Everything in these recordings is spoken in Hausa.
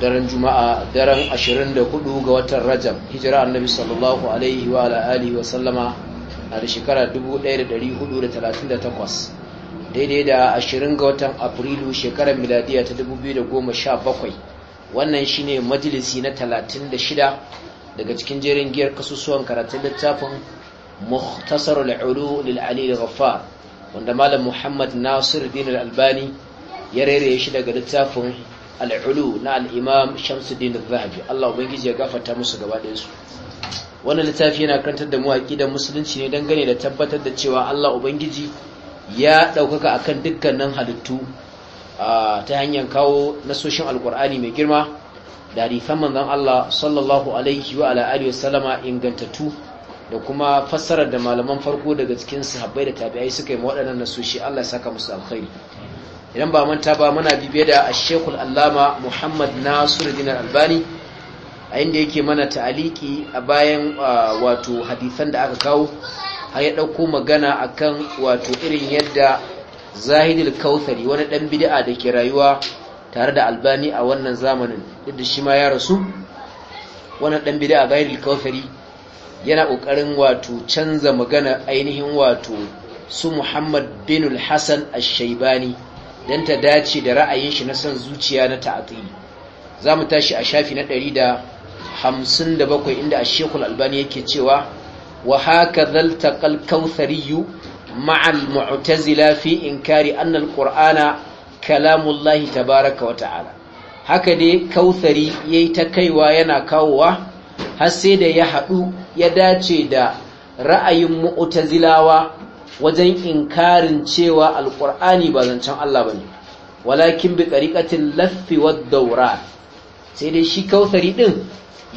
daren juma'a daren 24 ga watan rajab hijira annabi sallallahu alaihi wa alihi wa sallama a da shekara 1438 daidai da 20 ga watan afrilu shekarar miladiya ta 2017 wannan shine majalisi na 36 daga cikin jerin giyar kasusuwan karatun littafin mukhtasar ulu lil ali ghaffar wanda malam muhammad nasir din al albani ya rere shi daga littafin al'ulu na al'imam shamsuddin zahabi Allah ubangiji ya gafarta musu gaba su. Wani littafi yana karantar da mawaƙi da musulunci ne don dangane da tabbatar da cewa Allah ubangiji ya ɗaukaka a akan dukkanin halittu ta hanyar kawo nasoshin alkur'ani mai girma da hadisan manzan Allah sallallahu alaihi wa ala wasallama ingantattu da kuma fassarar da malaman farko daga cikin sahabbai da tabi'ai suka yi waɗannan nasoshi Allah ya saka musu alkhairi idan ba manta ba muna bibiye da ashekul allama muhammad nasiruddin albani a inda yake mana ta'aliki a bayan wato hadisan da aka kawo har ya ɗauko magana akan wato irin yadda zahidul kautsari wani ɗan bid'a da ke rayuwa tare da albani a wannan zamanin duk da shi ma ya rasu wani ɗan bid'a zahidul kautsari yana ƙoƙarin wato canza magana ainihin wato su muhammad bin hassan ash-shaybani don ta dace da ra'ayin shi na son zuciya na ta'atili za mu tashi a shafi na 157 inda a shekul albani yake cewa wa haka zalta kalkausariyu ma'al mu'tazila fi inkari annal ƙur'ana kalamullahi tabaraka wa ta'ala haka dai ya yayi ta kaiwa yana kawowa har sai da ya haɗu ya dace da ra'ayin mu'tazilawa wajen inkarin cewa Alƙur'ani, ba zancen Allah bane walakin bi tariqatil laffi wad dawran sai dai shi kausari ɗin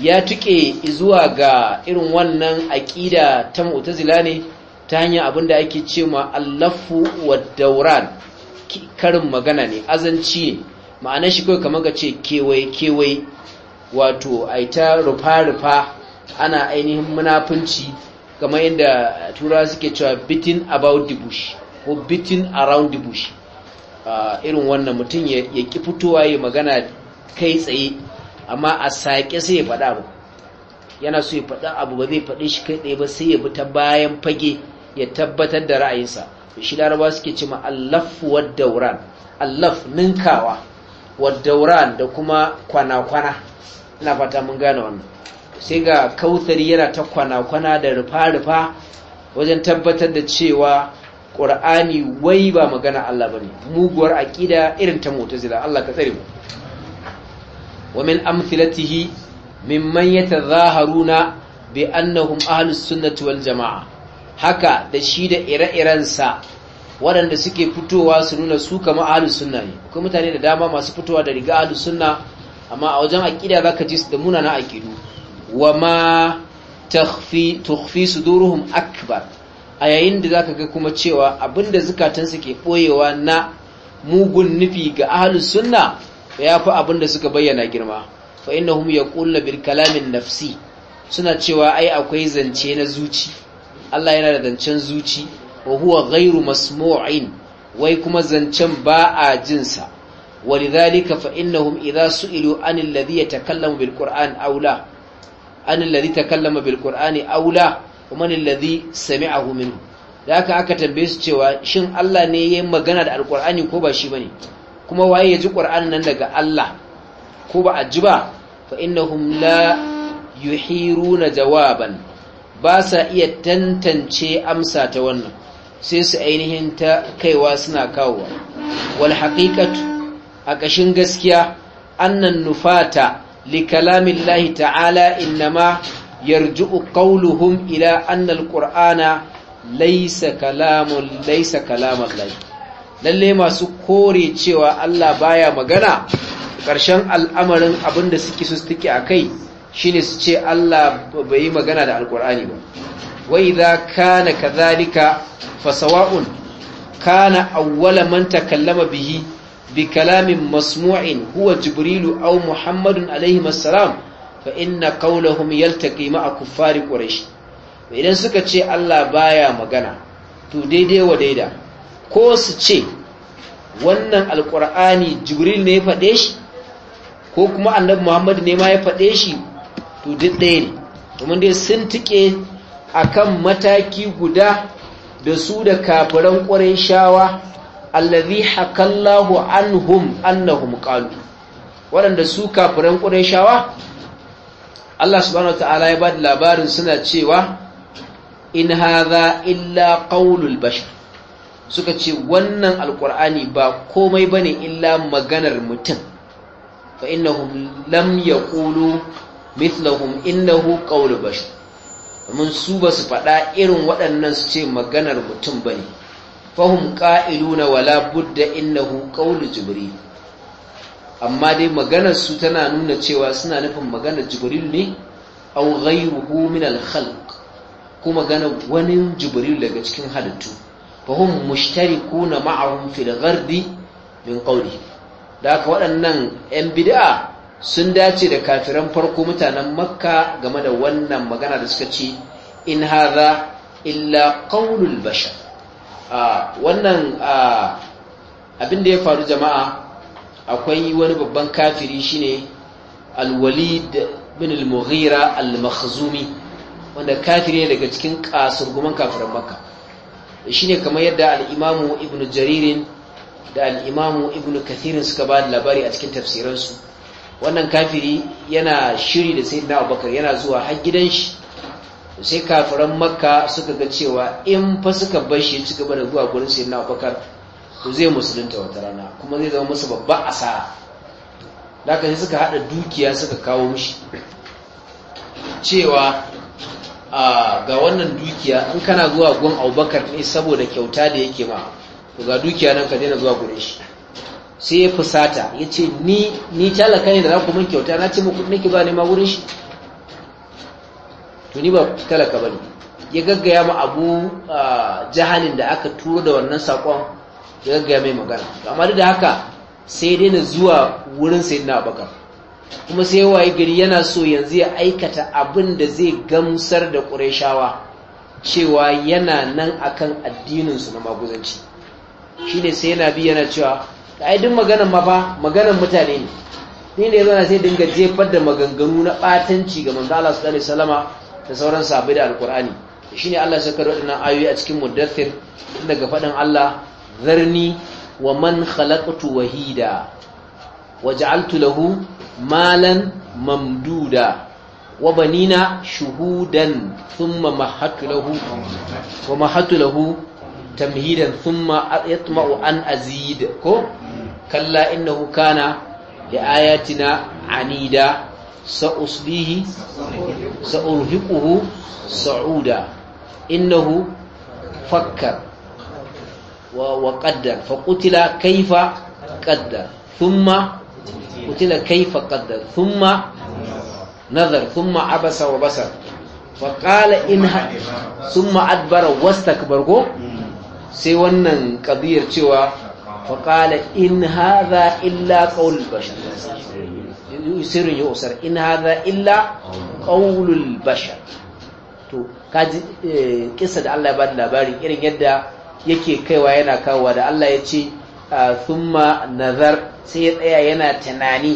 ya tuke zuwa ga irin wannan aƙida ta mu'tazila ne ta hanyar da ake cewa allafu wad dauran karin magana ne azanci ne ma'anar shi kawai kamar ka ce kewaye kewaye wato aita rufa rufa ana ainihin munafunci kamar yadda tura suke cewa bitin about the bush ko bitin around the bush ah, irin wannan mutum ya ki fitowa ya magana kai tsaye amma a sake sai ya faɗa abu yana so ya faɗa abu ba zai faɗi shi kai tsaye ba sai ya bi ta bayan fage ya tabbatar da ra'ayinsa shi laraba suke cima allaf wa dauran allaf ninkawa wa dauran da kuma kwana-kwana ina fata mun gane wannan sai ga kautari yana ta kwana-kwana da rufa-rufa wajen tabbatar da cewa ƙur'ani wai ba magana Allah ba ne muguwar aƙida irin ta mota mutazila Allah ka tsare mu wa min amthilatihi mimman yatazaharuna bi annahum ahlus sunnati wal jamaa haka da shi da ire-irensa waɗanda suke fitowa su nuna su kama ahlus sunna ne akwai mutane da dama masu fitowa da riga ahlus sunna amma a wajen aƙida zaka ji su da munana aƙidu wa ma tukhfi suduruhum akbar a yayin da zaka ga kuma cewa abinda zukatansu ke boyewa na mugun nufi ga ahlus sunna yafi abinda suka bayyana girma fa innahum yaquluna bil kalamin nafsi suna cewa ai akwai zance na zuci Allah yana da zancen zuci wa huwa ghairu masmu'in wai kuma zancen ba a jinsa walidhalika fa innahum idha su'ilu anil ladhi yatakallamu bil qur'an aw la an alladhi takallama bil qur'ani aula wa man alladhi sami'ahu minhu da haka aka tambaye su cewa shin Allah ne yayin magana da alqur'ani ko ba shi bane kuma waye ya ji qur'an nan daga Allah ko ba a ji ba fa innahum la yuhiruna jawaban ba sa iya tantance amsa ta wannan sai su ainihin ta kaiwa suna kawowa wal haqiqatu a kashin gaskiya annan nufata لكلام الله تعالى إنما يرجع قولهم إلى أن القرآن ليس كلام ليس كلام الله lalle masu kore cewa Allah baya magana ƙarshen al'amarin abin da suke su suke a kai shine su ce Allah bai yi magana da alƙur'ani ba wa idza kana kadhalika fa sawa'un kana awwala man takallama bihi بكلام مسموع هو جبريل أو محمد عليهم السلام فإن قولهم يلتقي a كفار قريش idan suka ce Allah baya magana to daidai wa ko su ce wannan alkur'ani jibril ne ya faɗe shi ko kuma annabi muhammad ne ma ya faɗe shi to duk ne domin dai sun tike akan mataki guda da su da kafiran ƙwarai allazi hakallahu anhum annahum qalu waɗanda su kafiran qurayshawa Allah subhanahu wataala ya ba da labarin suna cewa in hadha illa qaulul bashar suka ce wannan alqur'ani ba komai bane illa maganar mutum fa innahum lam yaqulu mithluhum innahu qaulul bashar mun su ba su faɗa irin waɗannan su ce maganar mutum bane fahim ƙa'iluna wala budda innahu ƙaunar jibril amma dai maganar su tana nuna cewa suna nufin maganar jibril ne au ghairuhu min al-khalq kuma maganar wani jibril daga cikin halittu fahim mushtariku na fil ghardi min qawli da aka waɗannan 'yan bid'a sun dace da kafiran farko mutanen makka game da wannan magana da suka ce in illa qawlul bashar wannan abin da ya faru jama'a akwai wani babban kafiri shine al-walid bin al-mughira al-makhzumi wanda kafiri ne daga cikin kasurguman kafiran makka shine kamar yadda al-imamu ibnu jaririn da al-imamu ibnu kathirin suka ba da labari a cikin tafsiransu wannan kafiri yana shiri da sayyidina abubakar yana zuwa har gidan shi sai kafiran makka suka ga cewa in fa suka bar shi ci gaba da zuwa gurin sai na abubakar to zai musulunta wata rana kuma zai zama musu babba sa da suka haɗa dukiya suka kawo mishi cewa ga wannan dukiya in kana zuwa gun abubakar ne saboda kyauta da yake ma to ga dukiya nan ka daina zuwa gurin shi sai ya fusata ya ce ni talaka ne da za ku min kyauta na ce muku nake ba ma gurin shi to ni ba talaka bane ya gaggaya ma abu ah, jahalin da aka turo da wannan sakon ya gaggaya mai magana amma da haka sai dai na zuwa wurin sai na baka kuma sai waye gari yana so yanzu ya aikata abin da zai gamsar da ƙureshawa cewa yana nan akan addininsu na maguzanci shi ne sai yana bi yana cewa duk maganan mafa maganan mutane ne ni ne zana sai dinga jefar da maganganu na ɓatanci ga manzo Allah sallallahu alaihi wasallama da sauran sabai da alkur'ani shi ne Allah sakar waɗannan ayoyi a cikin muddathir daga faɗin Allah zarni wa man khalaqtu wahida wa ja'altu lahu malan mamduda wa banina shuhudan thumma mahattu lahu wa mahattu lahu tamhidan thumma yatma'u an azid ko kalla innahu kana li ayatina anida sa'uslihi sa'urhiquhu sa'uda innahu fakkar wa qaddar fa qutila kaifa ƙaddar, thumma qutila kaifa qaddar thumma nazar thumma abasa wa basar fa qala in thumma adbara wastakbar go sai wannan qadiyar cewa fa qala in hadha illa qawl bashar yusirun ya'usar in haza illa qawlul bashar to kaji eh, kissa da Allah ya bada labari irin yadda yake kaiwa yana kawowa da Allah ya ce ah, thumma nazar sai ya tsaya yana tunani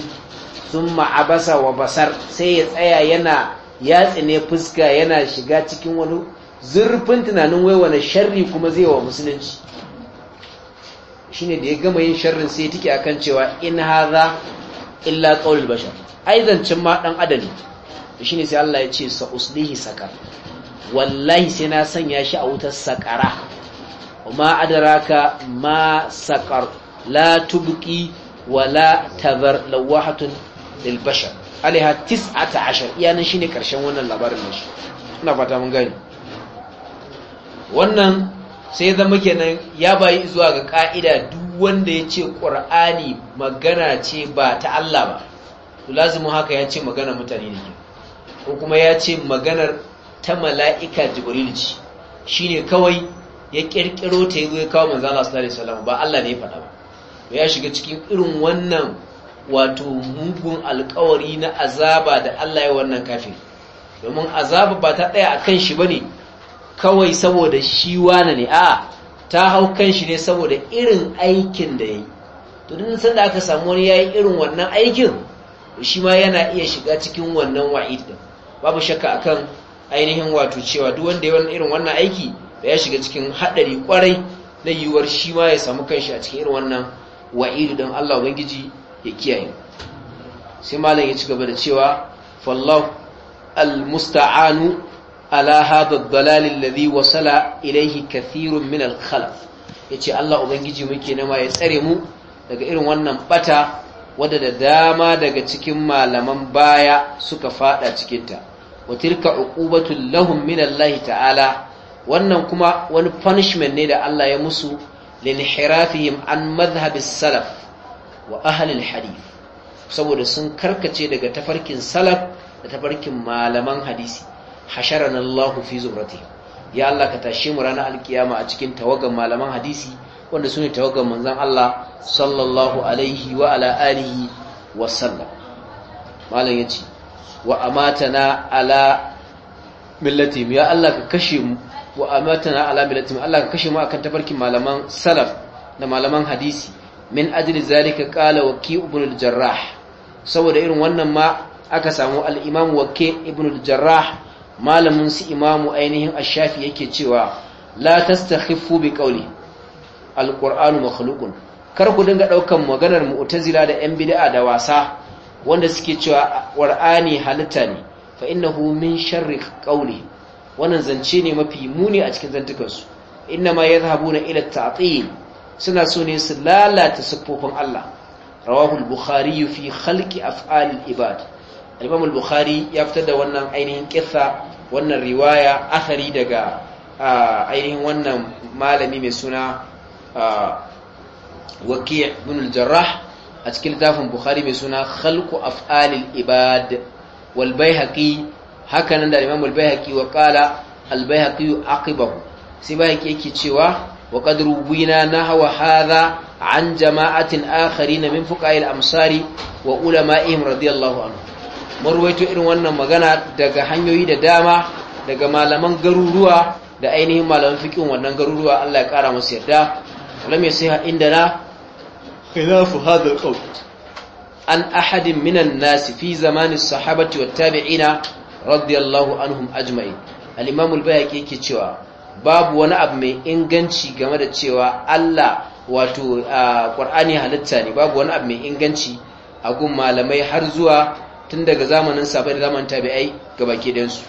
thumma abasa wa basar sai ya tsaya yana yatsi ne fuska yana shiga cikin wani zurfin tunanin wai wani sharri kuma zai wa musulunci shine da ya gama yin sharrin sai tike akan cewa in haza. illa qaulul bashar ai zancin ma dan adam shine sai Allah ya ce sa uslihi sakar wallahi sai na sanya shi a wutar sakara ma adraka ma sakar la tubqi wala tazar lawahatun lil bashar alaiha 19 shi shine karshen wannan labarin nashi ina fata mun gani wannan sai zama kenan ya bayi zuwa ga ka'ida duk wanda ya ce ƙur'ani magana ce ba ta Allah ba to lazimin haka ya ce magana mutane ne ko kuma ya ce maganar ta mala'ika jibril ce ne kawai ya ƙirƙiro ta yi ya kawo manzo Allah sallallahu alaihi ba Allah ne ya faɗa ba ya shiga cikin irin wannan wato mugun alkawari na azaba da Allah ya wannan kafin domin azaba ba ta ɗaya a kan shi ne. kawai saboda shi wane ne a ta hau kanshi ne saboda irin aikin da ya yi to duk san da aka samu wani ya yi irin wannan aikin shi ma yana iya shiga cikin wannan wa'id din babu shakka akan ainihin wato cewa duk wanda ya wannan irin wannan aiki da ya shiga cikin haɗari kwarai na yiwuwar shi ma ya samu kanshi a cikin irin wannan wa'id don Allah ubangiji ya kiyaye sai malam ya ci gaba da cewa fallahu musta'anu. ala hada dalal wasala Ilaihi kathirun min al ya ce Allah ubangiji muke nama ya tsare mu daga irin wannan bata wadda da dama daga cikin malaman baya suka fada cikin ta wa tilka uqubatul lahum min Allah ta'ala wannan kuma wani punishment ne da Allah ya musu linhirafihim an madhhabis salaf wa ahli al saboda sun karkace daga tafarkin salaf da tafarkin malaman hadisi hasharana Allah fi zumratihi ya Allah ka tashe mu ranar alkiyama a cikin tawagan malaman hadisi wanda su ne tawagan manzon Allah sallallahu alaihi wa ala alihi wa sallam malam yace wa amatana ala millati ya Allah ka kashe mu wa amatana ala millati Allah ka kashe mu akan tabarkin malaman salaf da malaman hadisi min ajli zalika qala waqi ibn al-jarrah saboda irin wannan ma aka samu al-imam waqi ibn al-jarrah malamin su imamu ainihin ashafi yake cewa la tastakhiffu bi qawli alqur'anu makhluqun kar ku dinga daukan maganar mu'tazila da yan bid'a da wasa wanda suke cewa qur'ani halitta ne fa innahu min sharri qawli wannan zance ne mafi muni a cikin zantukansu inna ma yadhhabuna ila ta'til suna so ne su lalata siffofin Allah rawahu al-bukhari fi khalqi af'al al-ibad al-imam al-bukhari ya fitar da wannan ainihin kissa wannan riwaya athari daga ainihin wannan malami mai suna waqi' ibn al-jarrah a cikin littafin bukhari mai suna khalqu af'alil ibad wal baihaqi hakanan da imam al-baihaqi wa qala al-baihaqi aqibahu sai baihaqi yake cewa wa qad ruwina nahwa hadha an jama'atin akharin min fuqa'il amsari wa ulama'ihim radiyallahu anhu marwaito irin wannan magana daga hanyoyi da dama daga malaman garuruwa da ainihin malaman fikin wannan garuruwa Allah ya kara masu yarda lam yasiha indana khilafu hadha alqawl an ahadin minan nas fi zamani sahabati wat tabi'ina radiyallahu anhum ajma'in al-imam al-bayhaqi yake cewa babu wani abu mai inganci game da cewa Allah wato qur'ani halitta ne babu wani abu mai inganci a gun malamai har zuwa tun daga zamanin sabai da zamanin tabi'ai ga baki ɗansu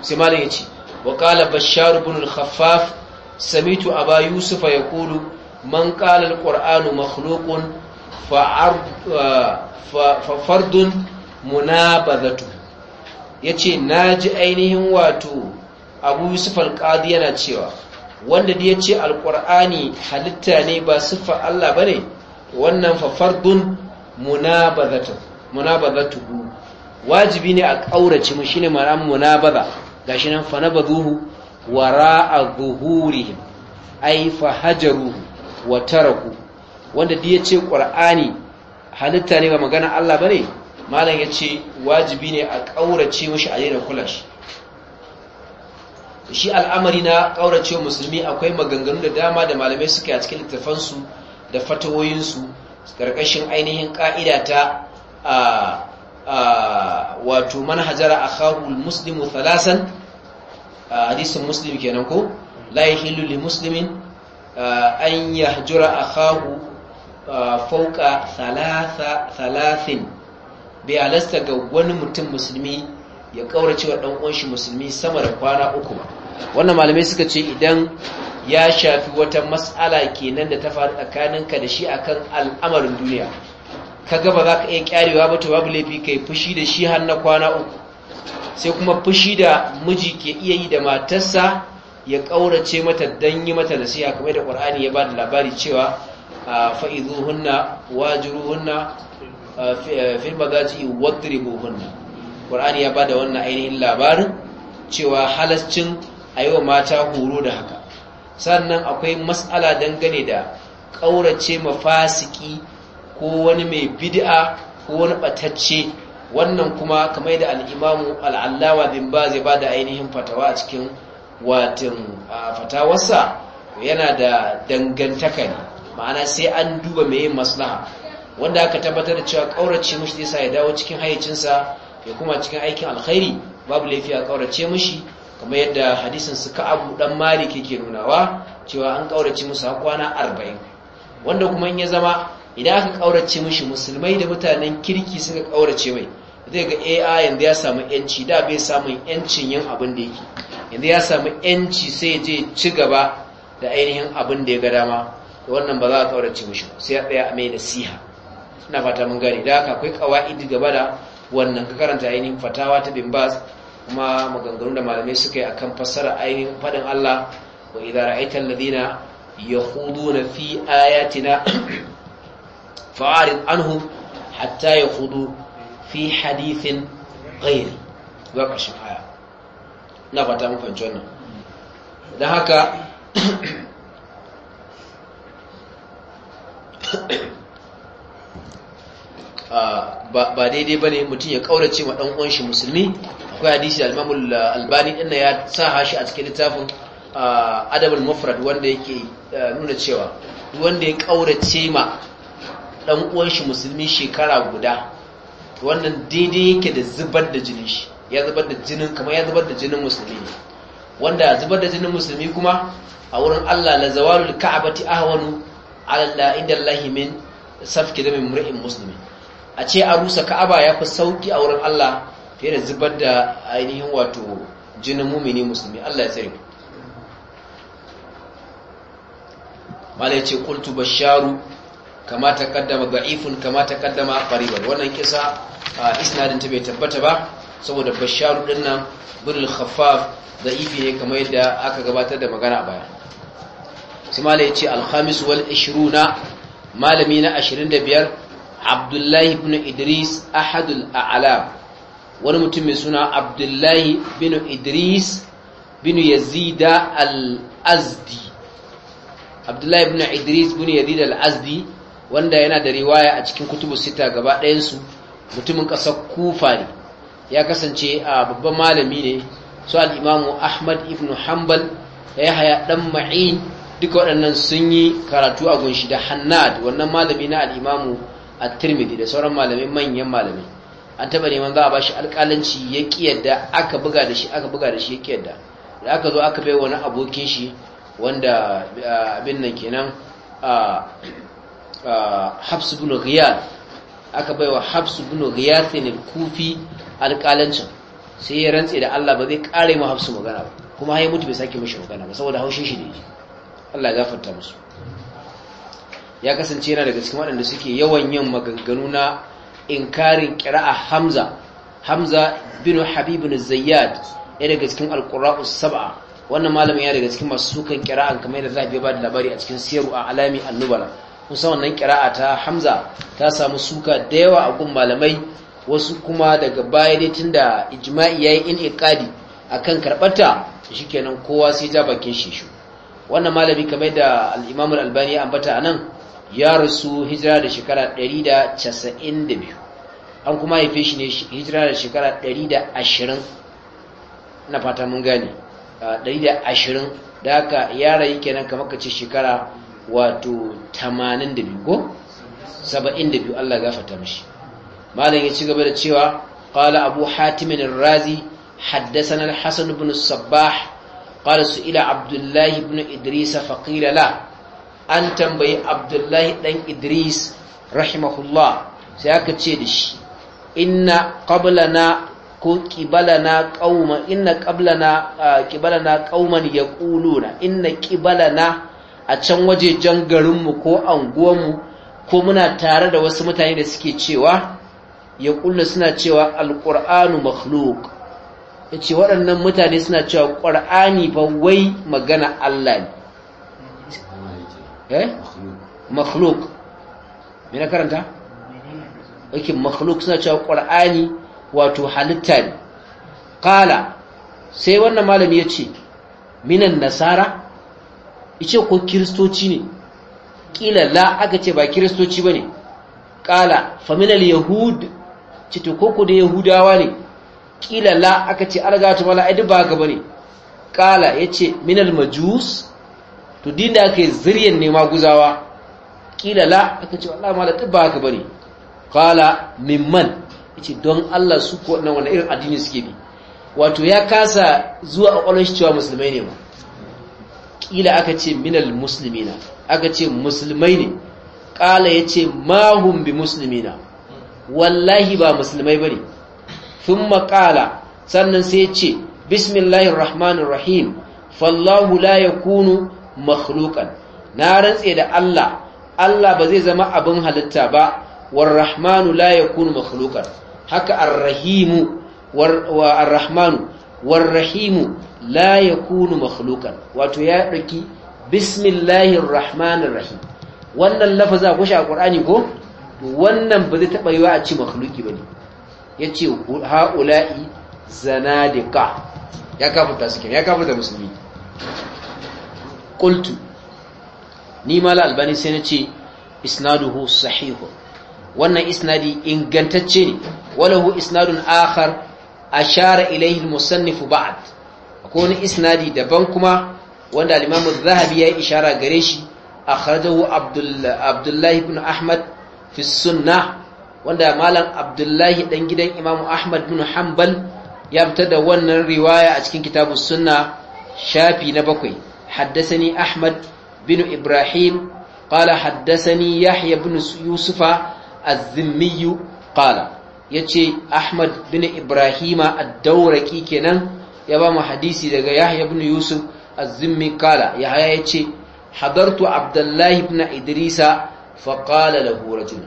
sai malin ya ce wa bashar bin al-khaffaf samitu aba yusuf kulu man qala al-qur'anu makhluqun fa fardun ce yace naji ainihin wato abu yusuf al-qadi yana cewa wanda da yace al-qur'ani halitta ne ba siffa Allah bane wannan fa fardun munabadatu munabazatuhu wajibi ne a kaurace mu shine ma'ana munabaza gashi nan fa nabaduhu wara'a zuhurihim ay fa hajaruhu wa taraku wanda dai yace qur'ani halitta ne ba magana Allah bane malam yace wajibi ne a kaurace mu a daina kula shi al'amari na kaurace musulmi akwai maganganu da dama da malamai suke a cikin littafansu da fatawoyinsu karkashin ainihin ka'ida ta wato man hajara akhahu almuslimu thalasan hadisin muslim kenan ko la yahillu li muslimin an yahjura akhahu fawqa thalatha thalathin bai alasta ga wani mutum musulmi ya kaurace wa dan uwan shi musulmi sama da kwana uku ba wannan malamai suka ce idan ya shafi wata mas'ala kenan da ta faru tsakaninka da shi akan al'amarin duniya ka gaba za ka iya kyarewa ba to babu laifi kai fushi da shi har na kwana uku sai kuma fushi da miji ke iya yi da matarsa ya ƙaurace mata don yi mata nasiha kamar da ƙwar'ani ya ba da labari cewa fa'izuhunna hunna fil magaji hunna ƙwar'ani ya ba da wannan ainihin labarin cewa halascin a mata horo da haka sannan akwai mas'ala dangane da ƙaurace mafasiki ko wani mai bid'a ko wani batacce wannan kuma kamar yadda al'imamu imamu al-allama bin baz ya ainihin fatawa a cikin watin fatawarsa yana da dangantaka ne ma'ana sai an duba meye maslaha wanda aka tabbatar da cewa ƙaurace mushi zai sa ya dawo cikin hayyacinsa ya kuma cikin aikin alkhairi babu laifi a kaurace mushi kamar yadda hadisin su ka'abu dan malik yake nunawa cewa an kaurace musu har kwana 40 wanda kuma in ya zama idan aka kaurace mishi musulmai da mutanen kirki suka kaurace mai zai ga a yanzu ya samu yanci da bai samun yancin yin abin da yake yanzu ya samu yanci sai je ci gaba da ainihin abin da ya ga dama da wannan ba za a kaurace mishi sai ya tsaya a mai siha. ina fata mun gane da haka akwai kawaidi gaba da wannan ka karanta ainihin fatawa ta bin bas kuma maganganu da malamai suka yi akan fassara ainihin faɗin Allah wa idza ra'aita Yahudu na fi ayatina Faarin anhu hatta ya hudu fi hadithin ghairi zuwa ƙarshen aya na fata mun fahimci wannan don haka ba daidai ba ne mutum ya ƙaurace wa ɗan uwan shi musulmi akwai hadisi al albani ɗin ya sa shi a cikin littafin adabul mafrad wanda yake nuna cewa wanda ya ƙaurace ma dan uwan shi musulmi shekara guda wannan daidai yake da zubar da jinin shi ya zubar da jinin kamar ya zubar da jinin musulmi ne wanda zubar da jinin musulmi kuma a wurin Allah la zawalul ka'abati ahwanu ala inda Allah min safki da mur'in muslimi a ce a rusa ka'aba ya fi sauki a wurin Allah fiye da zubar da ainihin wato jinin mumini musulmi Allah ya tsare mala ya ce kultu basharu kama ta kaddama da'ifun kama ta kaddama qariban wannan kisa isnadin ta bai tabbata ba saboda basharu din nan bin al-khaffaf ne kamar yadda aka gabatar da magana a baya simala yace al-khamis wal na malami na 25 Abdullahi bin Idris ahadul a'lam wani mutum mai suna Abdullahi bin Idris bin Yazida al-Azdi Abdullahi bin Idris bin Yazida al-Azdi wanda yana da riwaya a cikin kutubu sita gaba ɗayansu mutumin ƙasar kufa ne ya kasance a babban malami ne su al'imamu ahmad ibn hanbal da ya haya ɗan ma'in duka waɗannan sun yi karatu a gunshi da hannad wannan malami na al'imamu a turmidi da sauran malami manyan malami an taɓa neman za a ba shi alƙalanci ya ƙiyarda aka buga da shi aka buga da shi ya ƙiyarda da aka zo aka bai wani abokin shi wanda abin nan kenan Habsu bin Riyal, aka baiwa Habs bin Riyad ne kufi alƙalancin sai ya rantse da Allah ba zai kare mu Habsu magana ba kuma har ya mutu bai sake mishi magana ba saboda haushin shi ne Allah ya gafarta musu ya kasance yana daga cikin waɗanda suke yawan yin maganganu na inkarin ƙira'a Hamza Hamza bin Habib bin Zayyad ya daga cikin alƙura'u sab'a wannan malamin ya daga cikin masu sukan ƙira'an kamar yadda zafi ya ba da labari a cikin siyaru a alami annubala kusa wannan kira'a ta hamza ta samu suka da yawa a gun malamai wasu kuma daga baya dai tun da ijma'i ya yi in ikadi a kan karɓarta shi kenan kowa sai ja bakin shishu wannan malami kamar da al'imamul albani ya ambata a nan ya rasu hijira da shekara 192 an kuma haife shi ne hijira da shekara 120 na fata mun gane 120 da haka yara yi kenan kamar ka ce shekara wato 82 ko 72 Allah gafarta mishi malam ya ci gaba da cewa qala abu hatimin ar-razi haddathana al-hasan ibn as-sabbah qala su'ila abdullah ibn idris fa qila la an tambayi abdullah dan idris rahimahullah sai aka ce dashi inna qablana ko qiblana qauma inna qablana ah, qiblana qauman yaquluna inna a can wajejen garinmu ko anguwanmu ko muna tare da wasu mutane da suke cewa ya kulla suna cewa alƙur'anu makhluk ya ce waɗannan mutane suna cewa ƙur'ani ba wai magana Allah ne eh makhluk me na karanta ok makhluk suna cewa ƙur'ani wato halitta ne Ƙala, sai wannan malami ya ce minan nasara ice ko kiristoci ne kila la aka ce ba kiristoci ba ne. kala faminal yahud ce to koko da yahudawa ne kila la aka ce gata mala ai ba ka bane kala ce minal majus to din da aka yi zuriyar ne guzawa. kila la aka ce wala mala duk ba ka bane kala mimman ce don Allah su ko wannan wani irin addini suke bi wato ya kasa zuwa a kwallon shi cewa musulmai ne ba kila aka ce minal musulmina, aka ce musulmai ne Ƙala ya ce mahum bi musulmina. wallahi ba musulmai ba ne sun maƙala sannan sai ce bismillahir rahmanir rahim fallahu la kunu makhluqan na rantse da Allah Allah ba zai zama abin halitta ba war rahmanu la kunu makhluqan haka ar-rahimu war rahmanu warrahimu la yakunu makhluqan wato ya ɗauki bismillahir rahmanir rahim wannan lafaza ko shi a qur'ani ko wannan ba zai taba yiwa a ci makhluki bane yace haula'i zanadika ya kafirta su ya kafirta musulmi qultu ni mala albani sai na ce isnaduhu sahih wannan isnadi ingantacce ne walahu isnadun akhar ashara ilayhi al-musannif ba'd akwai wani isnadi daban kuma wanda al-imam az-zahabi ya ishara gare shi akhrajahu abdullahi ibn ahmad fi sunnah wanda malam abdullahi dan gidan imam ahmad ibn hanbal ya fita da wannan riwaya a cikin kitabu sunna shafi na bakwai حدثني أحمد بن إبراهيم قال Yahya bin Yusufa يوسف الذمي قال ya ce ahmad bin ibrahima dauraki kenan ya ba mu hadisi daga yahya bin yusuf azimmi kala haya ya ce hadartu abdullahi bin idrisa faƙala da horajin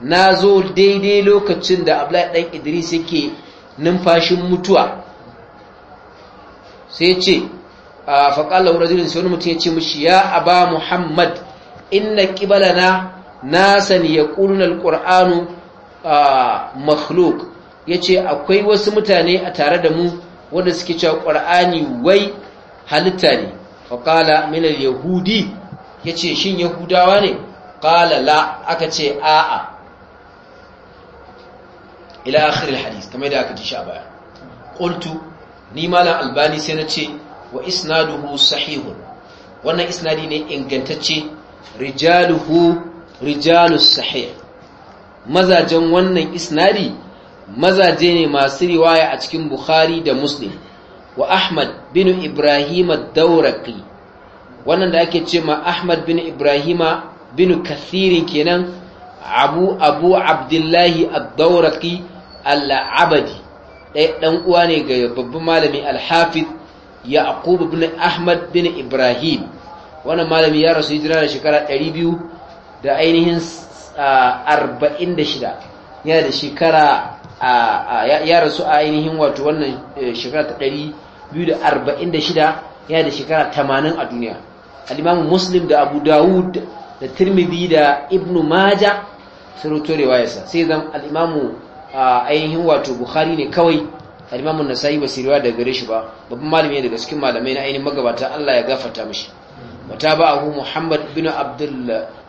na zo daidai lokacin da abdullahi ɗan idris yake numfashin mutuwa sai ce a faƙala lahu sai wani mutum ya ce mushi ya aba muhammad inna na? nasan ya ƙunar ƙur'anu makhluk ya ce akwai wasu mutane a tare da mu wanda suke cewa ƙwar'ani wai halitta ne faƙala minal yahudi ya ce shin yahudawa ne ƙala la aka ce a'a ila akhiril hadis kamar da aka ji shi baya qultu ni malam albani sai na ce wa isnaduhu sahihun wannan isnadi ne ingantacce rijaluhu rijalus sahih mazajen wannan isnadi mazaje ne masu riwaya a cikin bukhari da muslim wa ahmad bin ibrahim dauraki wannan da ake ce ma ahmad bin ibrahim bin Kathir kenan abu abu abdullahi ad-dauraki al-abadi dai ɗan uwa ne ga babban malami al-hafiz yaqub bin ahmad bin ibrahim wannan malami ya rasu hijira da shekara 200 da ainihin arba'in da shida yana da shekara ya rasu a ainihin wato wannan eh, shekara ta ɗari biyu da arba'in da shida yana da shekara tamanin a duniya alimamu muslim da abu dawud da tirmidhi da ibnu maja surutu riwayarsa sai zan alimamu ainihin wato buhari ne kawai alimamu sayi ba siriwa daga gare shi ba babban malami daga cikin malamai na ainihin magabata allah ya gafata mishi mata ba abu muhammad bin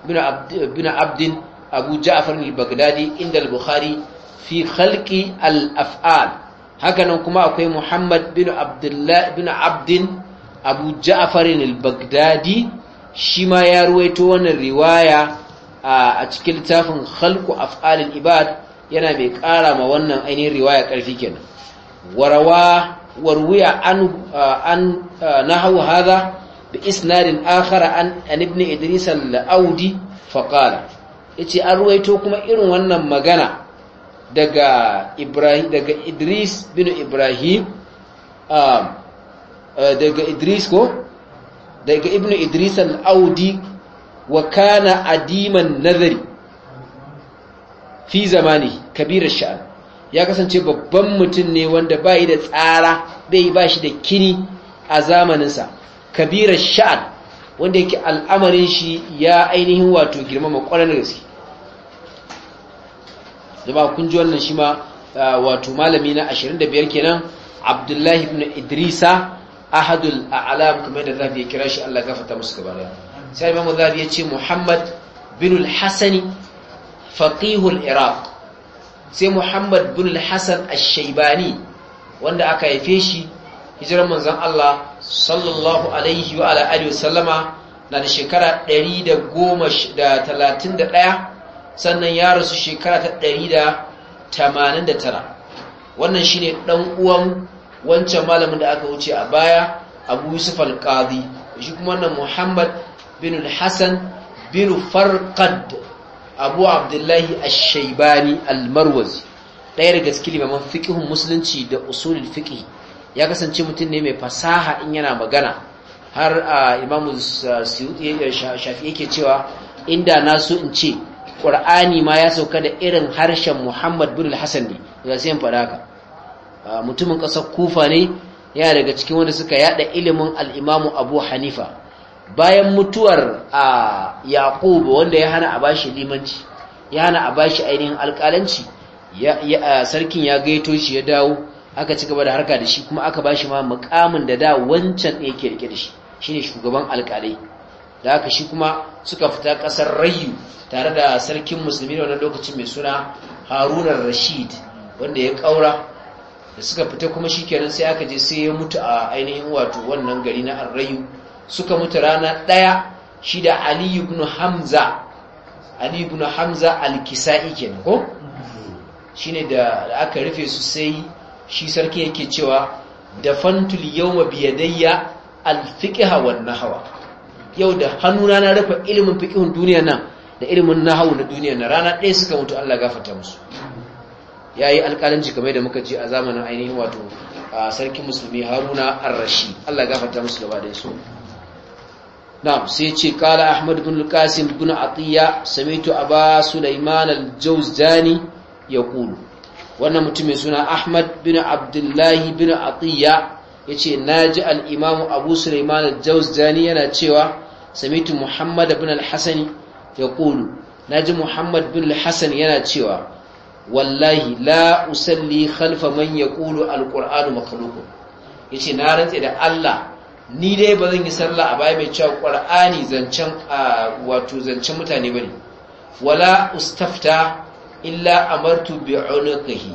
bin abdin abu ja'far al-baghdadi inda al-bukhari fi khalqi al-af'al hakanan kuma akwai muhammad bin abdullah bin abdin abu ja'far al-baghdadi shi ma ya ruwaito wannan riwaya a cikin littafin khalqu af'al al-ibad yana mai ƙara ma wannan ainihin riwaya ƙarfi kenan warawa warwiya an an nahawu hadha bi isnadin akhar an ibn idris al-audi fa yace an ruwaito kuma irin wannan magana daga Ibrahim daga Idris bin Ibrahim um, uh, daga Idris ko daga Ibn Idris al-Audi wa kana adiman nazari fi zamani kabirar sha'an ya kasance babban mutum ne wanda bai da tsara bai ba shi da kini a zamaninsa kabirar sha'an wanda yake al'amarin shi ya ainihin wato girmama kwarar gaske zama kun ji wannan shi ma wato malami na 25 kenan abdullahi ibn idrisa ahadul a'lam kamar da zafi ya kira shi Allah gafarta musu gaba da sai imamu zafi ya ce muhammad bin al-hasani iraq sai muhammad bin al-hasan ash wanda aka haife shi hijiran manzon Allah sallallahu alaihi wa alihi sallama na da shekara 131 sannan ya rasu shekara ta 189 wannan shine dan uwan wancan malamin da aka wuce a baya Abu Yusuf al shi kuma wannan Muhammad bin al bin Farqad Abu Abdullahi ash-Shaybani al-Marwazi ɗaya daga cikin limaman fiqhun musulunci da usulul fiqh ya kasance mutum ne mai fasaha in yana magana har imamu uh, shafi yake cewa inda na su in ce ƙur'ani ma ya sauka da irin harshen muhammad bin hassan ne ga sai faɗa ka mutumin ƙasar kufa ne yana daga cikin wanda suka yada ilimin al'imamu abu hanifa bayan mutuwar a wanda ya hana a bashi limanci ya hana a bashi ainihin alƙalanci sarkin ya gaito shi ya dawo aka ci gaba da harka da shi kuma aka ba shi ma mukamin da da wancan ne ke rike da shi shine shugaban alƙalai da aka shi kuma suka fita ƙasar rayu tare da sarkin musulmi da wannan lokacin mai suna haruna rashid wanda ya kaura da suka fita kuma shi kenan sai aka je sai ya mutu a ainihin wato wannan gari na rayu suka mutu rana ɗaya shi da ali ibn hamza ali ibn hamza al-kisa'i kenan ko shine da aka rufe su sai shi sarki yake cewa da dafantul yawma biyadayya alfiqha na hawa yau da hannuna na rufe ilimin fiƙihun duniya nan da ilimin nahwu na duniya na rana ɗaya suka mutu Allah gafata musu ya yi alƙalanci kamar da muka ji a zamanin ainihin wato a sarki musulmi Haruna arrashi Allah gafata musu gaba da su نعم bin قال sami بن القاسم بن عطية سمعت أبا سليمان ya يقول wannan mutum mai suna ahmad bin abdullahi bin atiya ya ce na ji al'imamu abu suleiman al jani yana cewa samitu muhammad bin al-hassani ya kulu na ji muhammad bin al yana cewa wallahi la usalli khalfa man ya Kulu al-ƙur'anu makaluku ya ce na rantse da allah ni dai ba zan yi sallah a baya mai cewa ƙwar'ani zancen mutane ba ne wala ustafta illa amartu bi unuqihi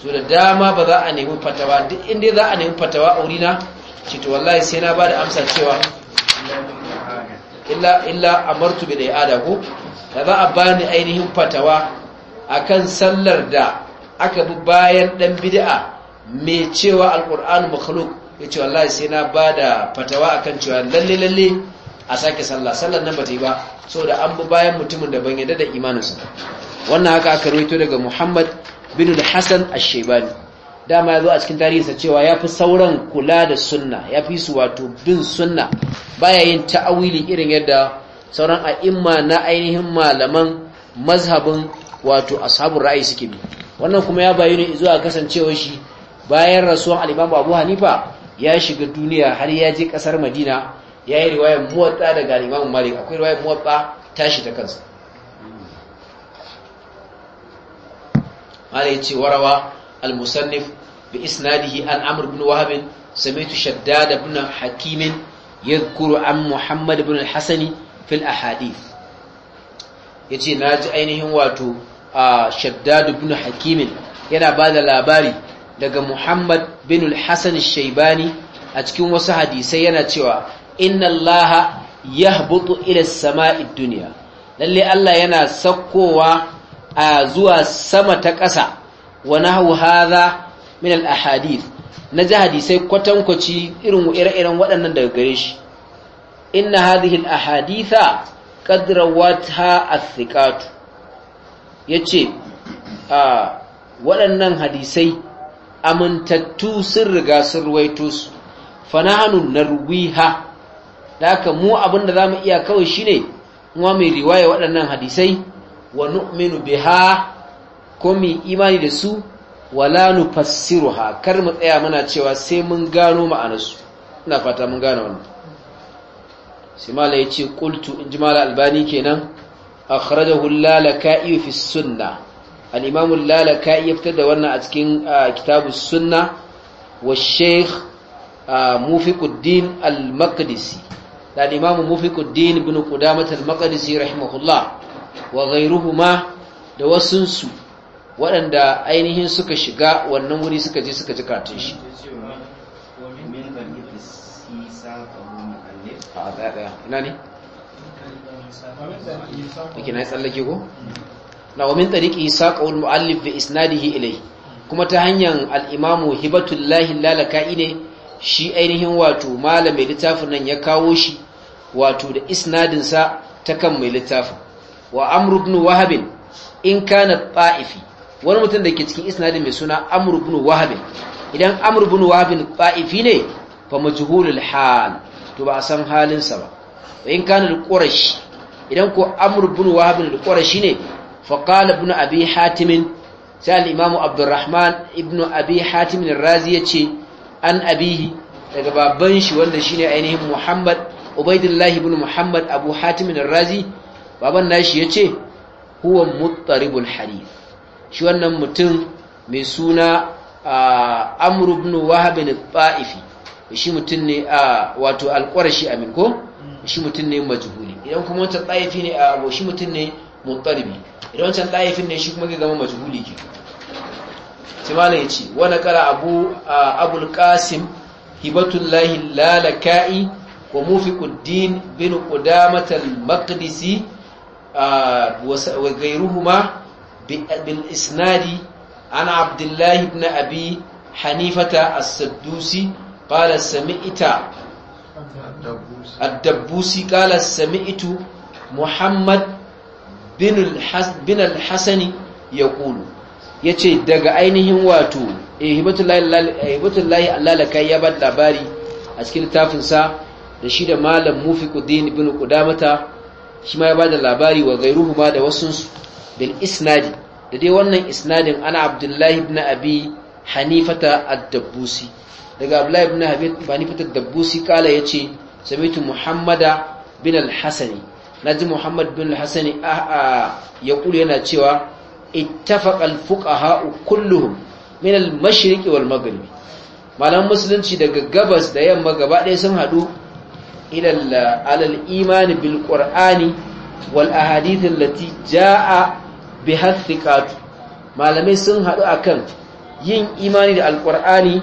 to da dama ba za a nemi fatawa duk inda za a nemi fatawa a wurina ce to wallahi sai na bada amsa cewa illa illa amartu bi dai'ada ku, da za a bani ainihin fatawa akan sallar da aka bi bayan dan bid'a mai cewa alquran makhluq yace wallahi sai na bada fatawa akan cewa lalle lalle a sake sallah sallar nan ba ta yi ba saboda an bi bayan mutumin da ban yadda da imaninsa wannan haka aka rawaito daga Muhammad bin al-Hasan al shaybani dama yazo a cikin tarihinsa cewa yafi sauran kula da sunna ya fi su wato bin sunna baya yin ta'awili irin yadda sauran a'imma na ainihin malaman mazhabin wato ashabu ra'ayi suke bi wannan kuma ya bayyana zuwa kasancewar shi bayan rasuwan al-Imam Abu Hanifa ya shiga duniya har ya je kasar Madina yayi riwayar muwatta daga al-Imam Malik akwai riwayar muwatta tashi ta kansa mala yace warawa al-musannif bi isnadihi an amr ibn wahab sami'tu shaddad ibn hakim yadhkuru an muhammad ibn al-hasani fi al-ahadith yace naji ainihin wato shaddad ibn hakim yana bada labari daga muhammad bin al-hasan al-shaybani a cikin wasu hadisai yana cewa inna allaha yahbutu ila as-sama'i ad-dunya lalle Allah yana sakkowa A zuwa sama ta ƙasa wani hauhaza minal min al’ahadith na ji hadisai kwatankwaci irin ire-iren waɗannan daga gare shi inna hadhihi al ahaditha a rawatha ya yace a waɗannan hadisai amintattu sun riga sun ruwaito su fa nahnu ha? da aka mu abinda mu iya kawai shi shine mu mai riwaya waɗannan hadisai wa nu'minu biha ko imani da su wala nufassiruha kar mu tsaya muna cewa sai mun gano ma'anarsu ina fata mun gano wannan sai mala yace qultu in mala albani kenan akhrajahu al-lalaka'i fi sunnah al-imam lalakai fitar da wannan a cikin kitabu sunnah wa shaykh mufiquddin al-maqdisi da al mufiquddin ibn qudamah al-maqdisi rahimahullah wa ma da wasunsu waɗanda ainihin suka shiga wannan wuri suka je suka ji tun shi wamin tsariki wani mu'allif da isnadihi ilai kuma ta hanyar al'imamu hibatullahi lalaka'i ne shi ainihin wato malam littafin nan ya kawo shi wato da isnadinsa ta kan mai littafin wa amr ibn wahab in kana ta'ifi wani mutum da ke cikin isnadin mai suna amr ibn wahab idan amr ibn wahab ta'ifi ne fa majhulul hal to ba a san halin sa ba wa in kana al-qurashi idan ko amr ibn wahab al-qurashi ne fa qala ibn abi hatim sai al-imam abdurrahman ibn abi hatim ar-razi yace an abihi daga baban shi wanda shine ainihin muhammad ubaidullah ibn muhammad abu hatim ar-razi baban nashi ya ce huwa muttaribul harif shi wannan mutum mai suna amru ibn wahab ibn ta'ifi shi mutum ne a wato alqurashi amin ko shi mutum ne majhuli idan kuma wancan ta'ifi ne a shi mutum ne muttaribi idan wancan ta'ifin ne shi kuma zai zama majhuli ke sai malam ya wa naqala abu abul qasim hibatullahi lalaka'i wa mufiquddin bin qudamah al-maqdisi wa gairuhuma bil isnadi ana abdullahi ibn abi hanifata as-saddusi qala sami'ta ad-dabbusi qala sami'tu muhammad bin al-hasani yaqulu yace daga ainihin wato ihibatullahi allalakai ya bada labari a cikin littafinsa da shi da malam mufiquddin ibn qudamata shi ma ya ba da labari wa gairuhu ma da wasunsu bil isnadi da dai wannan isnadin ana abdullahi ibn abi hanifata ad-dabbusi daga abdullahi ibn abi hanifata ad-dabbusi kala yace samitu muhammada bin al-hasani naji muhammad bin al-hasani ya kula yana cewa ittafaqa al-fuqaha kulluhum min al-mashriq wal maghrib malaman musulunci daga gabas da yamma gaba ɗaya sun haɗu alal imani bilƙur'ani, qur'ani wal ahadith allati jaa malamai sun hadu akan yin imani da alƙur'ani,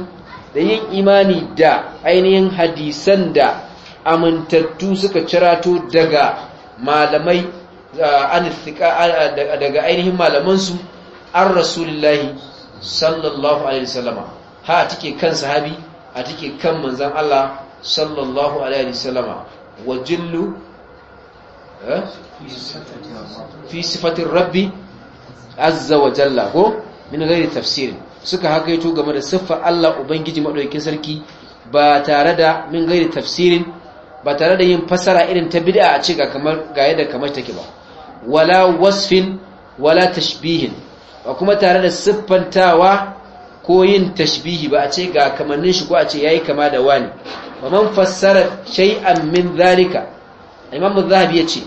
da yin imani da ainihin hadisan da amintattu suka cirato daga malamai daga ainihin malamansu an rasulullahi sallallahu alaihi wasallama ha a take kan sahabi a take kan manzan Allah sallallahu alaihi wasallama wa jillu eh, fi sifatin rabbi azza wa jalla ko min gairi tafsirin suka haka hakaito game da siffa Allah ubangiji madaukakin sarki ba tare da min gairi tafsirin ba tare da yin fasara irin ta bid'a a ce ga kamar ga yadda kamar take ba wala wasfin wala tashbihin ba kuma tare da siffantawa ko yin tashbihi ba a ce ga kamannin shi ko a ce yayi kama da wani wa man fassara shay'an min zalika imamu zahabi yace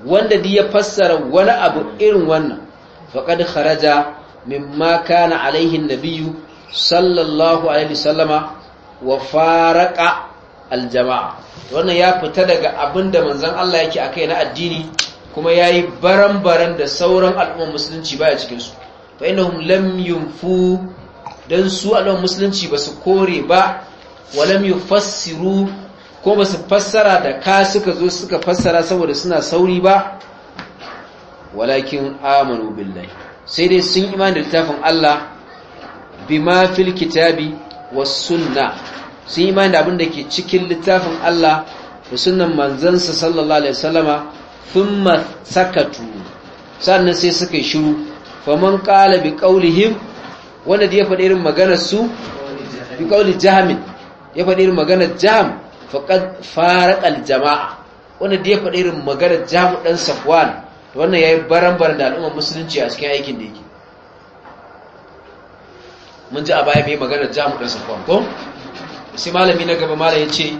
wanda di ya fassara wani abu irin wannan faqad kharaja mimma kana alaihi nabiyyu sallallahu alaihi wasallama wa faraqa aljama'a wannan ya fita daga abinda manzon Allah yake akai na addini kuma yayi baran-baran da sauran al'ummar musulunci baya cikin su fa innahum lam yunfu dan su al'ummar musulunci ba su kore ba walam yufassiru ko ba su fassara da ka suka zo suka fassara saboda suna sauri ba walakin amanu billahi sai dai sun imani da littafin Allah bima fil kitabi was sunna sun imani da abin ke cikin littafin Allah da sunnan manzansa sallallahu alaihi wasallama thumma sakatu sannan sai suka yi shiru faman qala bi qaulihim wanda ya faɗi irin maganar su bi qauli jahmin ya faɗi irin maganar jam faƙad faraƙal jama'a wanda da ya faɗi irin maganar jam ɗan safwan wannan ya yi baran-baran da al'ummar musulunci a cikin aikin da yake mun ji a baya mai maganar jam ɗan safwan ko sai malami na gaba malam ya ce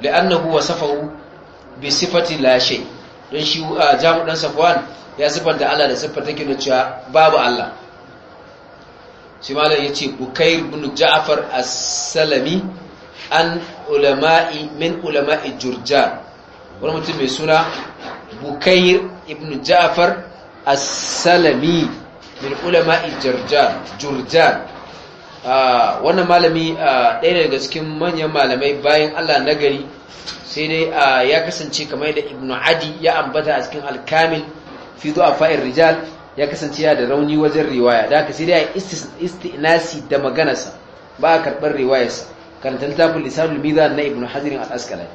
la'annahu wasafahu bi sifati la don shi jam ɗan safwan ya siffanta Allah da siffar take da cewa babu Allah shi malam yace bukair ibn ja'far as-salami an ulama'i min ulama'i jurjar wani mutum mai suna bukair ibn ja'far as-salami min ulama'i jurjar jurjar ah, wannan malami ah, ɗaya daga cikin manyan malamai bayan Allah nagari sai dai ah, ya kasance kamar da ibn adi ya ambata a cikin alkamil fi zuwa fa'in rijal ya kasance ya da rauni wajen riwaya da aka sirya dai istinasi da maganarsa ba a karɓar riwayarsa karanta littafin lissafin mizan na ibn hajjirin al'askalai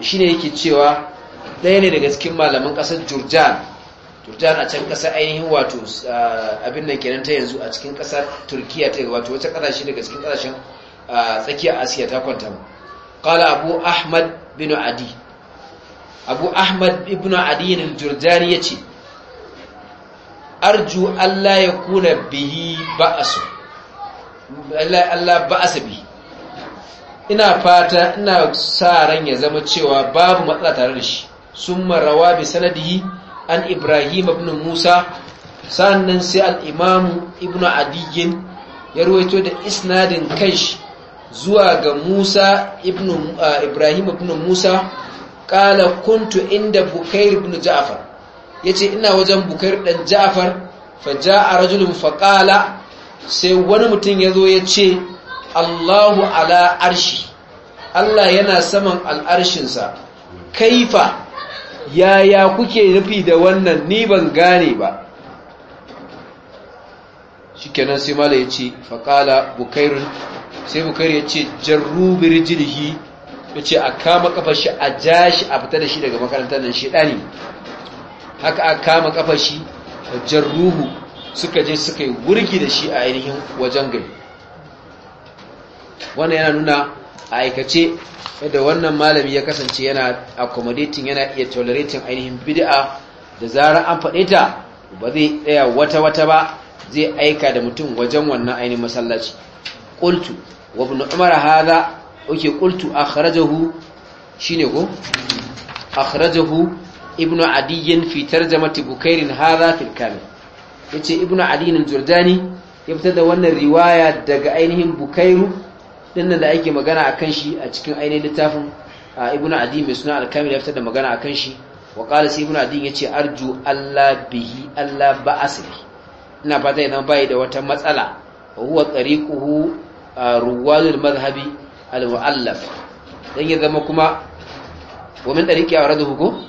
shi ne yake cewa ɗaya ne daga cikin malaman ƙasar jurjan jurjan a can ƙasar ainihin wato abin nan kenan ta yanzu a cikin ƙasar turkiya ta wato wata ƙasashe daga cikin ƙasashen tsakiyar asiya ta kwanta mu qala abu ahmad bin adi abu ahmad ibn adi ne jurjani ce arju Allah ya kuna bihi ba'asu Allah ba'asa bihi ina fata ina sa ran ya zama cewa babu matsala tare da shi summa marawa bi sanadihi an Ibrahim ibn Musa sannan sai al-Imam Ibn Adiyyin ya ruwaito da isnadin kanshi zuwa ga Musa ibn uh, Ibrahim ibn Musa qala kuntu inda Bukair ibn Ja'far yace ina wajen bukair ɗan ja'far faja a rajulun Faƙala. sai wani mutum ya zo ya ce, Allahu ala arshi Allah yana saman al'arshinsa kaifa yaya kuke nufi da wannan ni ban gane ba kenan sai mala ya ce Faƙala bukairun sai bukairun ya ce jarrubi jirgi, ya ce a kama ƙafashi shi a jashi a fita da shi daga makarantar nan ɗani haka a kama kafar shi ruhu suka je suka yi wurgi da shi a ainihin wajen gari wannan yana nuna a aikace yadda wannan malami ya kasance yana accommodating yana iya tolerating ainihin bid'a da zarar an faɗe ta ba zai tsaya wata wata ba zai aika da mutum wajen wannan ainihin masallaci Ƙultu, wa haza oke ƙultu a kharajahu shi ne ko kharajahu ibnu adiyyin fi tarjamati bukairin hadha fil kamil yace ibnu adiyyin jurdani ya fitar da wannan riwaya daga ainihin bukairu dinnan da ake magana akan shi a cikin ainihin littafin ibnu adiyyin mai suna al-kamil ya fitar da magana akan shi wa qala sai ibnu adiyyin yace arju Allah bihi Allah ba asli ina fata idan bai da wata matsala wa huwa tariquhu ruwalul madhhabi al-mu'allaf dan ya zama kuma wa da tariqi awraduhu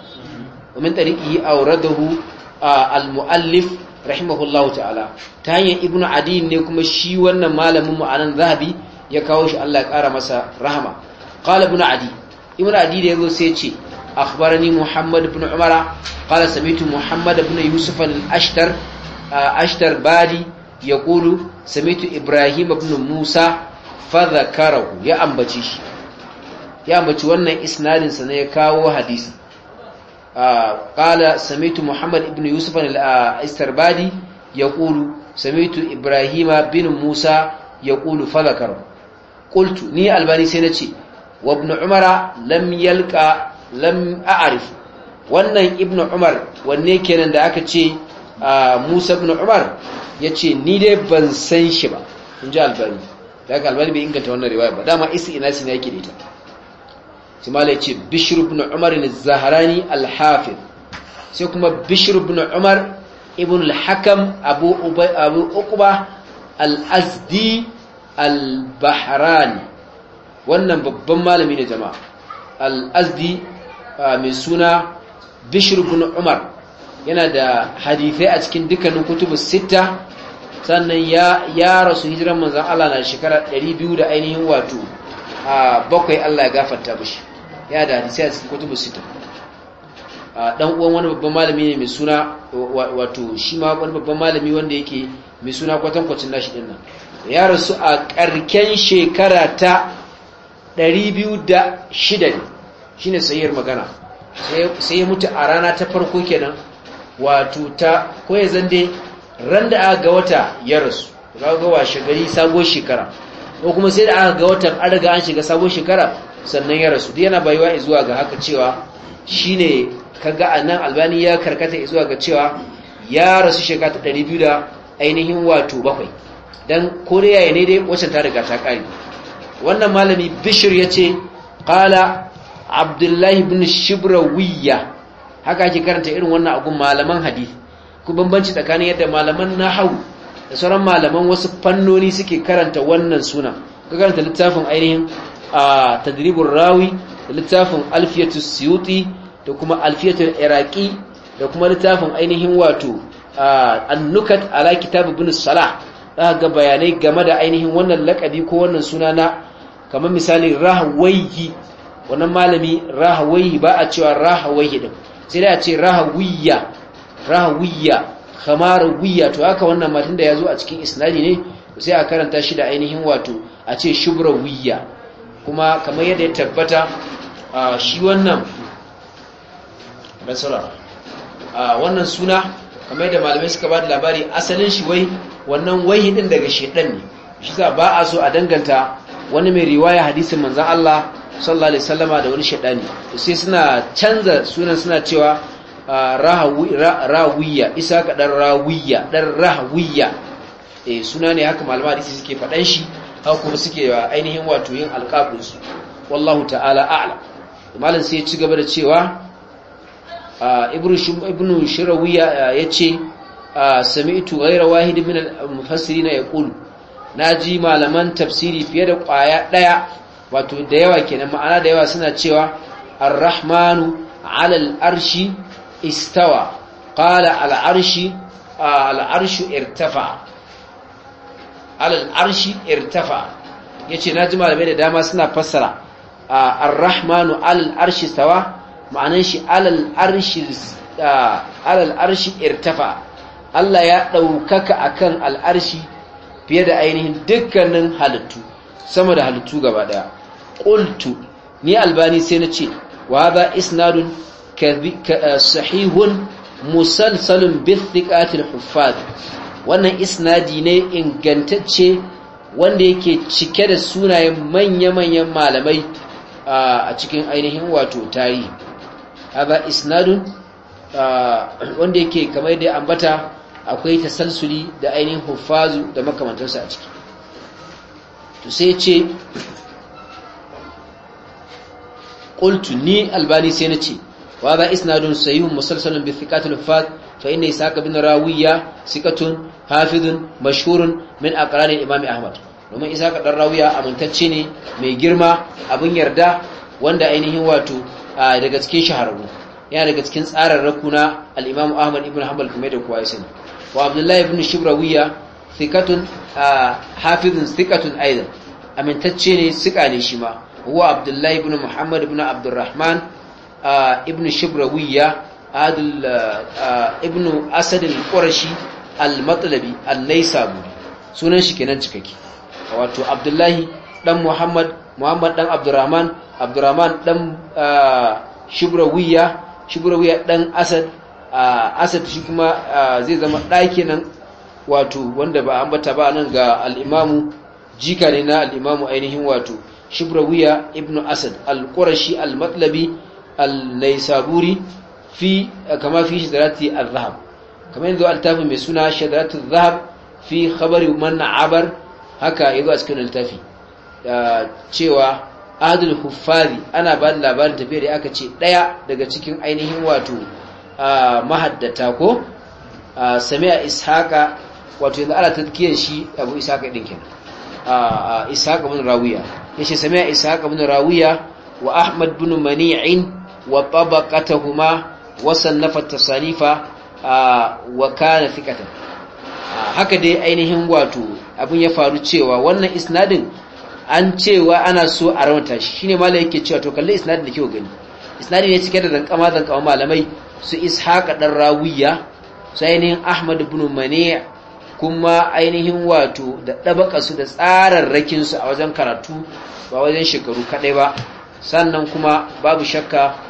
ومن طريقه أورده المؤلف رحمه الله تعالى تاني ابن عدي نيكم شي وانا مالا ممو عن ذهبي يكاوش الله كارا مسا رحمة قال ابن عدي ابن عدي ديغو سيتشي أخبرني محمد بن عمر قال سمعت محمد بن يوسف الأشتر أشتر بادي يقول سمعت إبراهيم بن موسى فذكره يا أمبتيش ya ambaci wannan isnadinsa ne ya kawo hadisi قال سميت محمد ابن يوسف الاستربادي يقول سميت ابراهيم بن موسى يقول فذكر قلت ني الباني سنتي وابن عمر لم يلقى لم اعرف wannan ibnu umar wanne kenan da aka ce musa ibnu umar ya ce ni dai ban san shi ba in ji albani da aka albani bai inganta wannan riwaya ba dama isi ina ne yake da ita shi mala ya ce bishir ibn umar ne zaharani alhafin sai kuma bishir ibn umar ibn al-hakam abu Uba, al-azdi al-bahrani wannan babban malami ne jama'a al-azdi mai suna bishir ibn umar yana da hadithai a cikin dukkanin kutubu sita sannan ya ya rasu hijiran manzan Allah na shekara 200 da ainihin wato a bakwai Allah ya gafarta mishi ya da hadisai a cikin kutubu sita dan uwan wani babban malami ne mai suna wato shi ma wani babban malami wanda yake mai suna kwatan kwacin nashi din nan ya rasu a karken shekara ta 206 ne shine sayyar magana sai ya mutu a rana ta farko kenan wato ta koyazan dai ran da aka ga wata ya rasu ga ga washe gari sabuwar shekara ko kuma sai da aka ga watan an riga an shiga sabon shekara sannan ya rasu Yana yana bayuwa zuwa ga haka cewa shine kaga anan albani ya karkata zuwa ga cewa ya rasu shekara ta 200 da ainihin wato bakwai dan koriya ya ne dai wacce ta riga ta kare wannan malami bishir ya ce qala abdullahi bin shibrawiya haka ake karanta irin wannan abun malaman hadisi ku bambanci tsakanin yadda malaman nahawu da sauran malaman wasu fannoni suke karanta wannan suna ka karanta littafin ainihin a tadribul rawi da littafin alfiyatus suyuti da kuma alfiyatul iraki da kuma littafin ainihin wato annukat ala kitab ibn salah da ga bayanai game da ainihin wannan lakabi ko wannan suna na kamar misali rahawayi wannan malami rahawayi ba a cewa rahawayi din sai da a ce rahawiyya rahawiyya khamar guyya to haka wannan matan da yazo a cikin isnadi ne sai a karanta shi da ainihin wato a ce shubra guyya kuma kamar yadda ya tabbata shi wannan wannan suna kamar yadda malamai suka ba da labari asalin shi wai wannan wai din daga shedan ne shi sa ba a so a danganta wani mai riwaya hadisin manzan Allah sallallahu alaihi wasallama da wani ne sai suna canza sunan suna cewa rawiya isa ka dan rawiya dan rahawiyya eh suna ne haka malama hadisi suke faɗan shi haka kuma suke ainihin wato yin alqabun su wallahu ta'ala ala, malam sai ya ci gaba da cewa ibnu shirawiyya yace sami'tu ghayra wahid min al-mufassirin yaqulu naji malaman tafsiri fiye da kwaya daya wato da yawa kenan ma'ana da yawa suna cewa ar-rahmanu 'ala al-arshi istawa qala al'arshi al'arshu irtafa al'arshi irtafa yace naji malamai da dama suna fassara ar-rahmanu al'arshi stawa ma'anan shi al'arshi irtafa Allah ya ɗaukaka akan al'arshi fiye da ainihin dukkanin halittu sama da halittu gaba ɗaya qultu ni albani sai na ce wa hadha isnadun sahihun musalsalun bithiqatil huffaz wannan isnadi ne ingantacce wanda yake cike da sunayen manya-manyan malamai a cikin ainihin wato tarihi haba isnadun wanda yake kamar da ambata akwai tasalsuli da ainihin hufazu da makamantarsa a ciki to sai ce ƙultu ni albani sai na ce وهذا إسناد صحيح مسلسل بالثقات الوفات فإن إسحاق بن راوية ثقة حافظ min من أقران الإمام أحمد domin isa ka ɗan rawiya amintacce ne mai girma abin yarda wanda ainihin wato daga cikin shahararru yana daga cikin tsararraku na al'imamu ahmad ibn hanbal kuma da kuwa ya sani wa abdullahi ibn shibrawiya thikatun hafizun thikatun aidan amintacce ne sika ne shi ma huwa abdullahi ibn muhammad ibn abdurrahman ibn shibrawiya ibn asadin ƙwarashi al-matsalabi al-laisaburi sunan shi kenan cikakke wato abdullahi dan muhammad muhammad dan abdurrahman abdurrahman dan shibrawiya shibrawiya dan asad asad shi kuma zai zama ɗaki nan wato wanda ba ambata ba nan ga al'imamu jika na al'imamu ainihin wato shibrawiya ibn asad al-qurashi al-matlabi al-laysaburi fi kama fi shadarati al-zahab kama yanzu al-tafi mai suna shadarati al-zahab fi khabari man abar haka yazo a cikin al-tafi cewa adul huffazi ana ba da labarin tafiyar da aka ce daya daga cikin ainihin wato mahaddata ko sami'a ishaqa wato yanzu ana tadkiyar shi abu ishaqa din kenan ishaqa bin rawiya yace sami'a ishaqa bin rawiya wa ahmad bin mani'in wa tabaqatahuma wa sannafa tasanifa wa kana haka dai ainihin wato abin ya faru cewa wannan isnadin an cewa ana so a rawata shi shine malai yake cewa to kalli isnadin da kiwo gani isnadin ya cike da zankama kama malamai su ishaqa dan rawiya su ainihin ahmad ibn mani kuma ainihin wato da dabaka su da tsararrakin su a wajen karatu ba wajen shekaru kadai ba sannan kuma babu shakka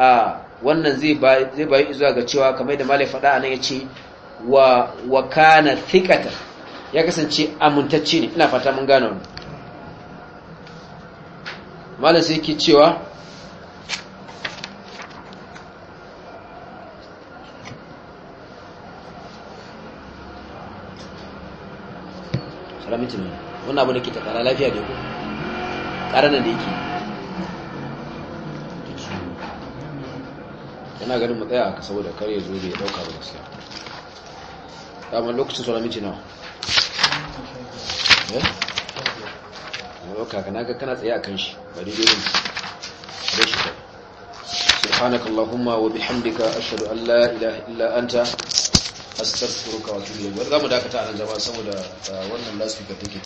a wannan zai bayi zuwa ga cewa kamar da malai faɗa anan ya ce wa kana thiqatan ya kasance amintacce ne ina fata mun gano wannan malai sai yake cewa salamu alaikum wannan abu da ke ta kara lafiya da ku ƙara da yake yana ganin mu tsaya aka saboda kare zo da ya dauka ba gaskiya dama lokacin sauran nawa eh dauka kana ga kana a kan shi ba daidai ne da shi kai سبحانك ilaha illa anta wa ilayk zamu dakata a nan jama'a saboda eh, wannan last week take